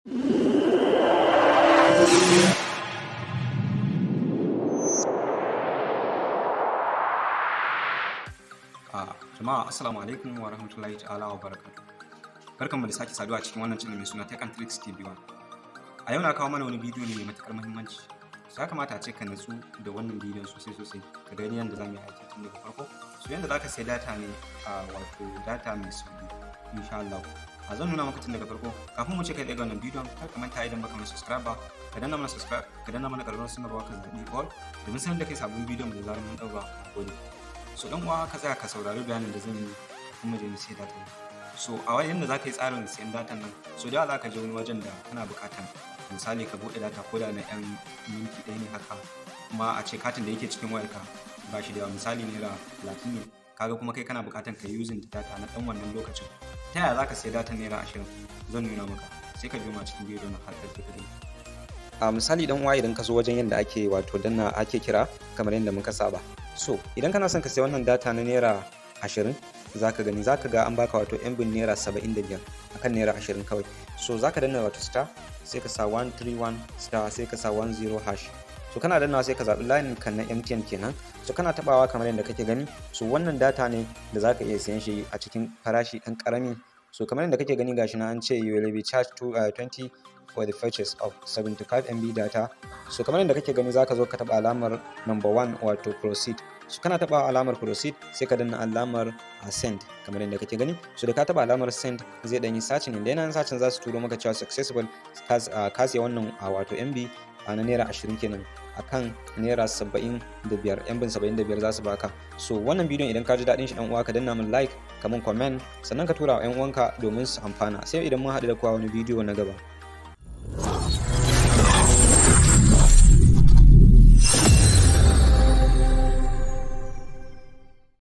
Ah, jama'a assalamu alaikum wa rahmatullahi ta'ala wa barakatuh barkanmu da sake saduwa cikin wannan channel mai suna Tech and Tricks TV1 a yau na kawo mana wani bidiyo ne mai matukar muhimmanci ya kamata a ce ka natsu da wannan bidiyon sosai sosai ka gani yadda za mu yi aiki tun daga farko so yadda za ka sai data ne a ah, wato data mai sauki insha Allah a zan nuna maka tun daga farko kafin mu ce kai daga wannan bidiyon kar ka manta idan baka mai subscribe ka danna mana subscribe ka danna mana karbar sanarwa ka zaɓi all domin sanar da kai sabon bidiyon da zaran mun ɗaura gode so dan uwa ka tsaya ka saurari bayanin da zan yi kuma je mu sai data so a wajen da za ka yi tsarin sayan datan nan so da za ka je wani wajen da kana buƙatan misali ka buɗe data ko da na yan minti ɗaya ne haka kuma a ce katin da yake cikin wayarka ba shi da misali naira talatin ne kaga kuma kai kana buƙatan ka yi using data na ɗan wannan lokacin ta yaya za ka sai datan naira ashirin zan nuna maka sai ka joma cikin bidiyo na harkar kudi a misali dan waye idan ka zo wajen yadda ake wato danna ake kira kamar yadda muka saba so idan kana son ka sai wannan data na naira ashirin za ka gani za ka ga an baka wato yan bin naira saba'in da biyar akan naira ashirin kawai so za ka danna wato star sai ka sa 131 star sai ka sa 10 hash so kana danna sai ka zaɓi layin kan na MTN kenan so kana tabawa kamar yadda kake gani so wannan data ne da zaka iya siyan shi a cikin farashi ɗan ƙarami so kamar yadda kake gani gashi na an ce you will be charged to uh, 20 for the purchase of 75 MB data so kamar yadda kake gani zaka zo ka taba alamar number 1 wato proceed so kana taba alamar proceed sai ka danna alamar eh, send kamar yadda kake gani so da ka taba alamar send zai dan searching inda yana searching za su turo maka cewa successful ka eh, siya wannan eh, wato MB a na naira ashirin kenan akan naira saba'in da biyar yan bin saba'in da biyar za su baka so wannan bidiyon idan ka ji daɗin shi dan uwa ka danna min like kamar comment sannan ka tura wa yan uwanka domin su amfana sai idan mun haɗu da kowa wani bidiyo na gaba